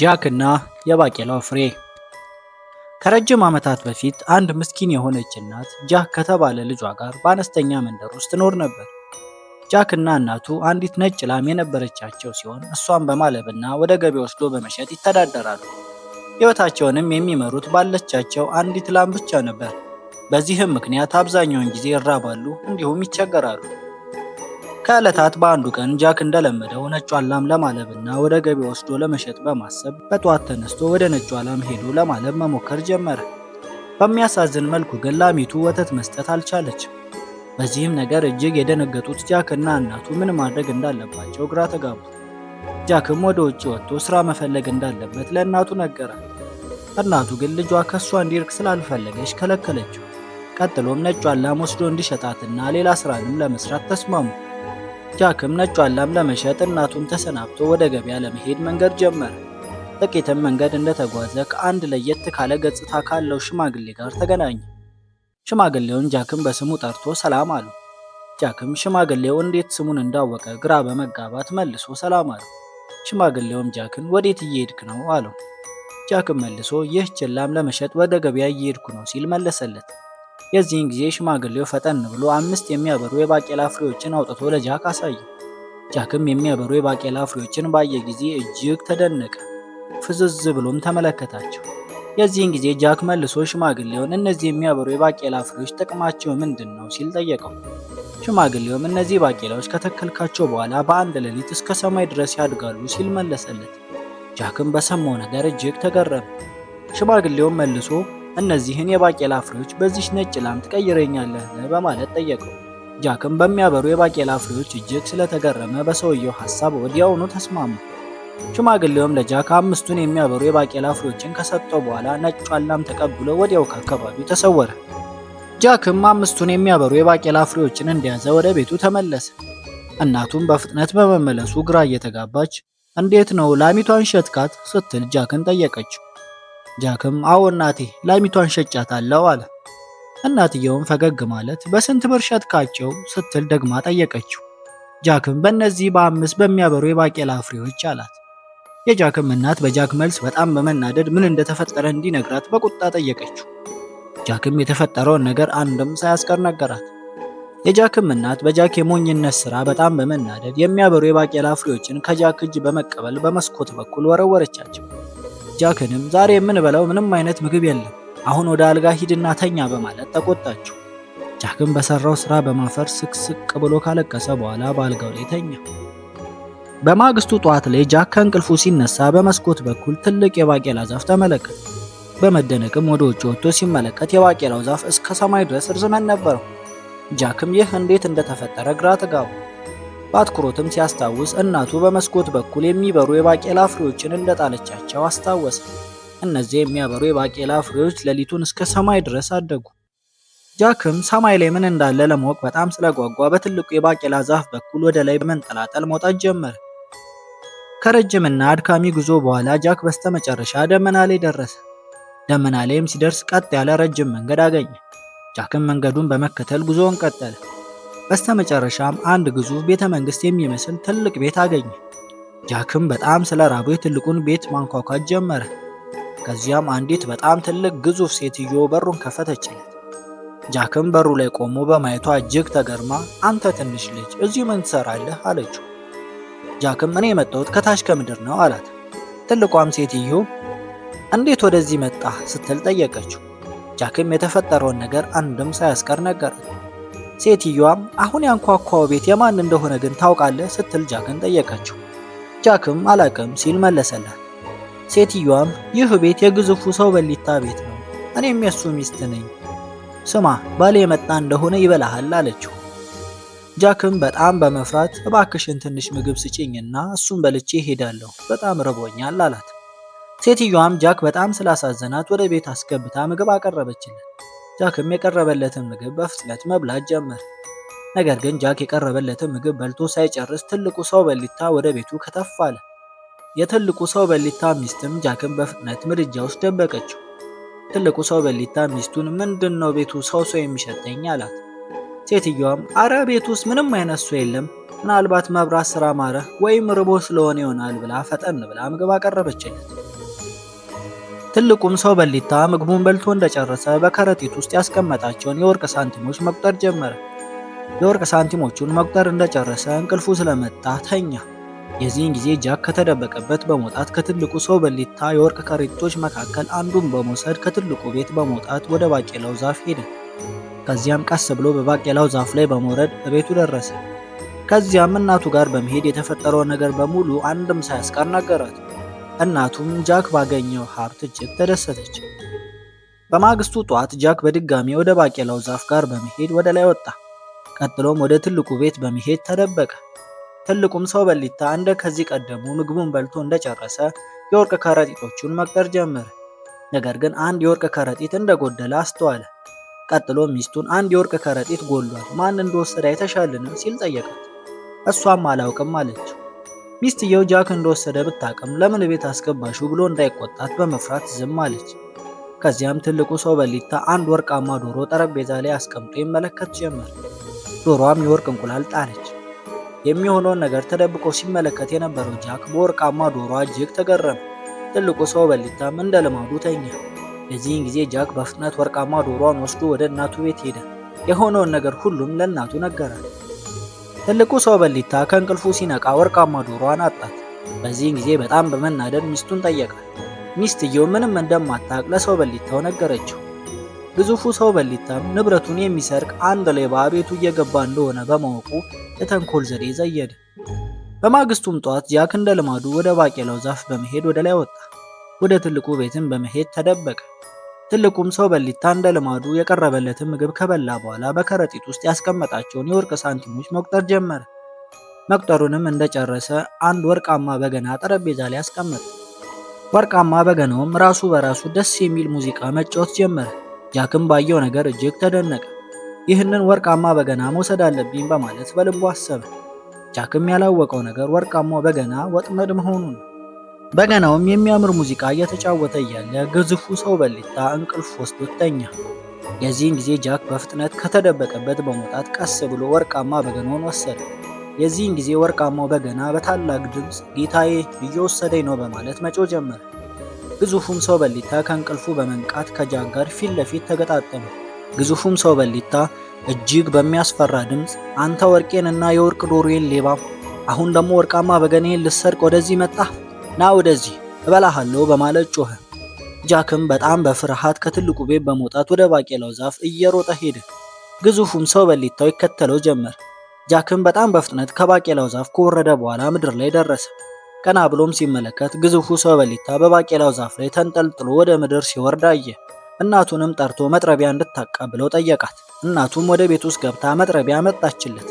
ጃክ እና የባቄላው ፍሬ። ከረጅም ዓመታት በፊት አንድ ምስኪን የሆነች እናት ጃክ ከተባለ ልጇ ጋር በአነስተኛ መንደር ውስጥ ትኖር ነበር። ጃክ እና እናቱ አንዲት ነጭ ላም የነበረቻቸው ሲሆን እሷን በማለብና ወደ ገበያ ወስዶ በመሸጥ ይተዳደራሉ። ሕይወታቸውንም የሚመሩት ባለቻቸው አንዲት ላም ብቻ ነበር። በዚህም ምክንያት አብዛኛውን ጊዜ ይራባሉ፣ እንዲሁም ይቸገራሉ። ከዕለታት በአንዱ ቀን ጃክ እንደለመደው ነጩ ለማለብ ለማለብና ወደ ገበያ ወስዶ ለመሸጥ በማሰብ በጠዋት ተነስቶ ወደ ነጩ ላም ሄዶ ለማለብ መሞከር ጀመረ። በሚያሳዝን መልኩ ግን ላሚቱ ወተት መስጠት አልቻለችም። በዚህም ነገር እጅግ የደነገጡት ጃክና እናቱ ምን ማድረግ እንዳለባቸው ግራ ተጋቡ። ጃክም ወደ ውጭ ወጥቶ ስራ መፈለግ እንዳለበት ለእናቱ ነገራል። እናቱ ግን ልጇ ከእሷ እንዲርቅ ስላልፈለገች ከለከለችው። ቀጥሎም ነጯን ላም ወስዶ እንዲሸጣትና ሌላ ስራንም ለመስራት ተስማሙ። ጃክም ነጯን ላም ለመሸጥ እናቱን ተሰናብቶ ወደ ገበያ ለመሄድ መንገድ ጀመረ። ጥቂትም መንገድ እንደተጓዘ ከአንድ ለየት ካለ ገጽታ ካለው ሽማግሌ ጋር ተገናኘ። ሽማግሌውን ጃክም በስሙ ጠርቶ ሰላም አለው። ጃክም ሽማግሌው እንዴት ስሙን እንዳወቀ ግራ በመጋባት መልሶ ሰላም አለው። ሽማግሌውም ጃክን ወዴት እየሄድክ ነው አለው። ጃክም መልሶ ይህችን ላም ለመሸጥ ወደ ገበያ እየሄድኩ ነው ሲል መለሰለት። የዚህን ጊዜ ሽማግሌው ፈጠን ብሎ አምስት የሚያበሩ የባቄላ ፍሬዎችን አውጥቶ ለጃክ አሳየ። ጃክም የሚያበሩ የባቄላ ፍሬዎችን ባየ ጊዜ እጅግ ተደነቀ። ፍዝዝ ብሎም ተመለከታቸው። የዚህን ጊዜ ጃክ መልሶ ሽማግሌውን እነዚህ የሚያበሩ የባቄላ ፍሬዎች ጥቅማቸው ምንድን ነው ሲል ጠየቀው። ሽማግሌውም እነዚህ ባቄላዎች ከተከልካቸው በኋላ በአንድ ሌሊት እስከ ሰማይ ድረስ ያድጋሉ ሲል መለሰለት። ጃክም በሰማው ነገር እጅግ ተገረመ። ሽማግሌውም መልሶ እነዚህን የባቄላ ፍሬዎች በዚች ነጭ ላም ትቀይረኛለህን? በማለት ጠየቀው። ጃክም በሚያበሩ የባቄላ ፍሬዎች እጅግ ስለተገረመ በሰውየው ሐሳብ ወዲያውኑ ተስማሙ። ሽማግሌውም ለጃክ አምስቱን የሚያበሩ የባቄላ ፍሬዎችን ከሰጠው በኋላ ነጯን ላም ተቀብሎ ወዲያው ከአካባቢው ተሰወረ። ጃክም አምስቱን የሚያበሩ የባቄላ ፍሬዎችን እንደያዘ ወደ ቤቱ ተመለሰ። እናቱም በፍጥነት በመመለሱ ግራ እየተጋባች እንዴት ነው ላሚቷን ሸትካት? ስትል ጃክን ጠየቀችው። ጃክም አዎ እናቴ ላሚቷን ሸጫታለሁ አለ። እናትየውም ፈገግ ማለት በስንት ብር ሸጥካቸው ስትል ደግማ ጠየቀችው። ጃክም በእነዚህ በአምስት በሚያበሩ የባቄላ ፍሬዎች አላት። የጃክም እናት በጃክ መልስ በጣም በመናደድ ምን እንደተፈጠረ እንዲነግራት በቁጣ ጠየቀችው። ጃክም የተፈጠረውን ነገር አንድም ሳያስቀር ነገራት። የጃክም እናት በጃክ የሞኝነት ስራ በጣም በመናደድ የሚያበሩ የባቄላ ፍሬዎችን ከጃክ እጅ በመቀበል በመስኮት በኩል ወረወረቻቸው። ጃክንም ዛሬ የምንበላው ምንም አይነት ምግብ የለም፣ አሁን ወደ አልጋ ሂድና ተኛ በማለት ተቆጣችው። ጃክም በሰራው ስራ በማፈር ስቅስቅ ብሎ ካለቀሰ በኋላ በአልጋው ላይ ተኛ። በማግስቱ ጠዋት ላይ ጃክ ከእንቅልፉ ሲነሳ በመስኮት በኩል ትልቅ የባቄላ ዛፍ ተመለከተ። በመደነቅም ወደ ውጭ ወጥቶ ሲመለከት የባቄላው ዛፍ እስከ ሰማይ ድረስ እርዝመን ነበረው። ጃክም ይህ እንዴት እንደተፈጠረ ግራ ተጋባ። በአትኩሮትም ሲያስታውስ እናቱ በመስኮት በኩል የሚበሩ የባቄላ ፍሬዎችን እንደጣለቻቸው አስታወሰ። እነዚህ የሚያበሩ የባቄላ ፍሬዎች ሌሊቱን እስከ ሰማይ ድረስ አደጉ። ጃክም ሰማይ ላይ ምን እንዳለ ለማወቅ በጣም ስለጓጓ በትልቁ የባቄላ ዛፍ በኩል ወደ ላይ በመንጠላጠል መውጣት ጀመረ። ከረጅምና አድካሚ ጉዞ በኋላ ጃክ በስተመጨረሻ ደመና ላይ ደረሰ። ደመና ላይም ሲደርስ ቀጥ ያለ ረጅም መንገድ አገኘ። ጃክም መንገዱን በመከተል ጉዞውን ቀጠለ። በስተመጨረሻም አንድ ግዙፍ ቤተ መንግስት የሚመስል ትልቅ ቤት አገኘ። ጃክም በጣም ስለ ራቡ ትልቁን ቤት ማንኳኳት ጀመረ። ከዚያም አንዲት በጣም ትልቅ ግዙፍ ሴትዮ በሩን ከፈተችለት። ጃክም በሩ ላይ ቆሞ በማየቷ እጅግ ተገርማ አንተ ትንሽ ልጅ እዚሁ ምን ትሰራለህ? አለችው። ጃክም እኔ የመጣሁት ከታች ከምድር ነው አላት። ትልቋም ሴትዮ እንዴት ወደዚህ መጣ ስትል ጠየቀችው። ጃክም የተፈጠረውን ነገር አንድም ሳያስቀር ነገራት። ሴትዮዋም አሁን ያንኳኳው ቤት የማን እንደሆነ ግን ታውቃለህ ስትል ጃክን ጠየቀችው። ጃክም አላቅም ሲል መለሰላት። ሴትዮዋም ይህ ቤት የግዙፉ ሰው በሊታ ቤት ነው፣ እኔም የሱ ሚስት ነኝ። ስማ ባሌ የመጣ እንደሆነ ይበላሃል አለችው። ጃክም በጣም በመፍራት እባክሽን ትንሽ ምግብ ስጭኝና እሱን በልቼ ይሄዳለሁ፣ በጣም ርቦኛል አላት። ሴትዮዋም ጃክ በጣም ስላሳዘናት ወደ ቤት አስገብታ ምግብ አቀረበችለት። ጃክም የቀረበለትን ምግብ በፍጥነት መብላት ጀመር። ነገር ግን ጃክ የቀረበለትን ምግብ በልቶ ሳይጨርስ ትልቁ ሰው በሊታ ወደ ቤቱ ከተፍ አለ። የትልቁ ሰው በሊታ ሚስትም ጃክን በፍጥነት ምድጃ ውስጥ ደበቀችው። ትልቁ ሰው በሊታ ሚስቱን ምንድን ነው ቤቱ ሰው ሰው የሚሸተኝ አላት። ሴትየዋም አረ ቤት ውስጥ ምንም አይነት ሰው የለም፣ ምናልባት መብራት ስራ ማረህ ወይም ርቦ ስለሆነ ይሆናል ብላ ፈጠን ብላ ምግብ አቀረበችለት። ትልቁም ሰው በሊታ ምግቡን በልቶ እንደጨረሰ በከረጢት ውስጥ ያስቀመጣቸውን የወርቅ ሳንቲሞች መቁጠር ጀመረ። የወርቅ ሳንቲሞቹን መቁጠር እንደጨረሰ እንቅልፉ ስለመጣ ተኛ። የዚህን ጊዜ ጃክ ከተደበቀበት በመውጣት ከትልቁ ሰው በሊታ የወርቅ ከረጢቶች መካከል አንዱን በመውሰድ ከትልቁ ቤት በመውጣት ወደ ባቄላው ዛፍ ሄደ። ከዚያም ቀስ ብሎ በባቄላው ዛፍ ላይ በመውረድ በቤቱ ደረሰ። ከዚያም እናቱ ጋር በመሄድ የተፈጠረውን ነገር በሙሉ አንድም ሳያስቀር ነገራት። እናቱም ጃክ ባገኘው ሀብት እጅግ ተደሰተች። በማግስቱ ጧት ጃክ በድጋሚ ወደ ባቄላው ዛፍ ጋር በመሄድ ወደ ላይ ወጣ። ቀጥሎም ወደ ትልቁ ቤት በመሄድ ተደበቀ። ትልቁም ሰው በሊታ እንደ ከዚህ ቀደሙ ምግቡን በልቶ እንደጨረሰ የወርቅ ከረጢቶቹን መቅጠር ጀመረ። ነገር ግን አንድ የወርቅ ከረጢት እንደጎደለ አስተዋለ። ቀጥሎ ሚስቱን አንድ የወርቅ ከረጢት ጎሏል፣ ማን እንደወሰደ አይተሻልን? ሲል ጠየቃት። እሷም አላውቅም አለችው። ሚስትየው ጃክ እንደወሰደ ብታቅም ለምን ቤት አስገባሹ ብሎ እንዳይቆጣት በመፍራት ዝም አለች። ከዚያም ትልቁ ሰው በሊታ አንድ ወርቃማ ዶሮ ጠረጴዛ ላይ አስቀምጦ ይመለከት ጀመር። ዶሮዋም የወርቅ እንቁላል ጣለች። የሚሆነውን ነገር ተደብቆ ሲመለከት የነበረው ጃክ በወርቃማ ዶሮዋ እጅግ ተገረመ። ትልቁ ሰው በሊታም እንደ ልማዱ ተኛ። የዚህን ጊዜ ጃክ በፍጥነት ወርቃማ ዶሮዋን ወስዶ ወደ እናቱ ቤት ሄደ። የሆነውን ነገር ሁሉም ለእናቱ ነገራል። ትልቁ ሰው በሊታ ከእንቅልፉ ሲነቃ ወርቃማ ዶሮዋን አጣት። በዚህን ጊዜ በጣም በመናደድ ሚስቱን ጠየቃት። ሚስትየው ምንም እንደማታቅ ለሰው በሊታው ነገረችው። ግዙፉ ሰው በሊታም ንብረቱን የሚሰርቅ አንድ ሌባ ቤቱ እየገባ እንደሆነ በማወቁ የተንኮል ዘዴ ዘየደ። በማግስቱም ጠዋት ጃክ እንደ ልማዱ ወደ ባቄላው ዛፍ በመሄድ ወደ ላይ ወጣ። ወደ ትልቁ ቤትም በመሄድ ተደበቀ። ትልቁም ሰው በሊታ እንደ ልማዱ የቀረበለትን ምግብ ከበላ በኋላ በከረጢት ውስጥ ያስቀመጣቸውን የወርቅ ሳንቲሞች መቁጠር ጀመረ። መቁጠሩንም እንደጨረሰ አንድ ወርቃማ በገና ጠረጴዛ ላይ አስቀመጠ። ወርቃማ በገናውም ራሱ በራሱ ደስ የሚል ሙዚቃ መጫወት ጀመረ። ጃክም ባየው ነገር እጅግ ተደነቀ። ይህንን ወርቃማ በገና መውሰድ አለብኝ በማለት በልቡ አሰበ። ጃክም ያላወቀው ነገር ወርቃማው በገና ወጥመድ መሆኑን በገናውም የሚያምር ሙዚቃ እየተጫወተ እያለ ግዙፉ ሰው በሊታ እንቅልፍ ወስዶት ተኛ። የዚህን ጊዜ ጃክ በፍጥነት ከተደበቀበት በመውጣት ቀስ ብሎ ወርቃማ በገናውን ወሰደ። የዚህን ጊዜ ወርቃማው በገና በታላቅ ድምፅ ጌታዬ እየወሰደኝ ነው በማለት መጮ ጀመረ። ግዙፉም ሰው በሊታ ከእንቅልፉ በመንቃት ከጃክ ጋር ፊት ለፊት ተገጣጠመ። ግዙፉም ሰው በሊታ እጅግ በሚያስፈራ ድምፅ አንተ ወርቄን እና የወርቅ ዶሮዬን ሌባ፣ አሁን ደግሞ ወርቃማ በገናዬን ልሰርቅ ወደዚህ መጣህ ና ወደዚህ እበላሃለሁ በማለት ጮኸ። ጃክም በጣም በፍርሃት ከትልቁ ቤት በመውጣት ወደ ባቄላው ዛፍ እየሮጠ ሄደ። ግዙፉም ሰው በሊታው ይከተለው ጀመር። ጃክም በጣም በፍጥነት ከባቄላው ዛፍ ከወረደ በኋላ ምድር ላይ ደረሰ። ቀና ብሎም ሲመለከት ግዙፉ ሰው በሊታ በባቄላው ዛፍ ላይ ተንጠልጥሎ ወደ ምድር ሲወርድ አየ። እናቱንም ጠርቶ መጥረቢያ እንድታቀብለው ጠየቃት። እናቱም ወደ ቤት ውስጥ ገብታ መጥረቢያ መጣችለት።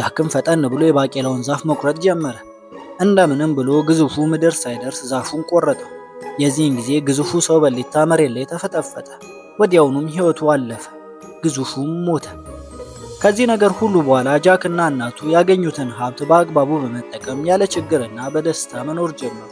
ጃክም ፈጠን ብሎ የባቄላውን ዛፍ መቁረጥ ጀመረ። እንደምንም ብሎ ግዙፉ ምድር ሳይደርስ ዛፉን ቆረጠው። የዚህን ጊዜ ግዙፉ ሰው በሊታ መሬት ላይ ተፈጠፈጠ። ወዲያውኑም ሕይወቱ አለፈ። ግዙፉም ሞተ። ከዚህ ነገር ሁሉ በኋላ ጃክና እናቱ ያገኙትን ሀብት በአግባቡ በመጠቀም ያለ ችግርና በደስታ መኖር ጀመሩ።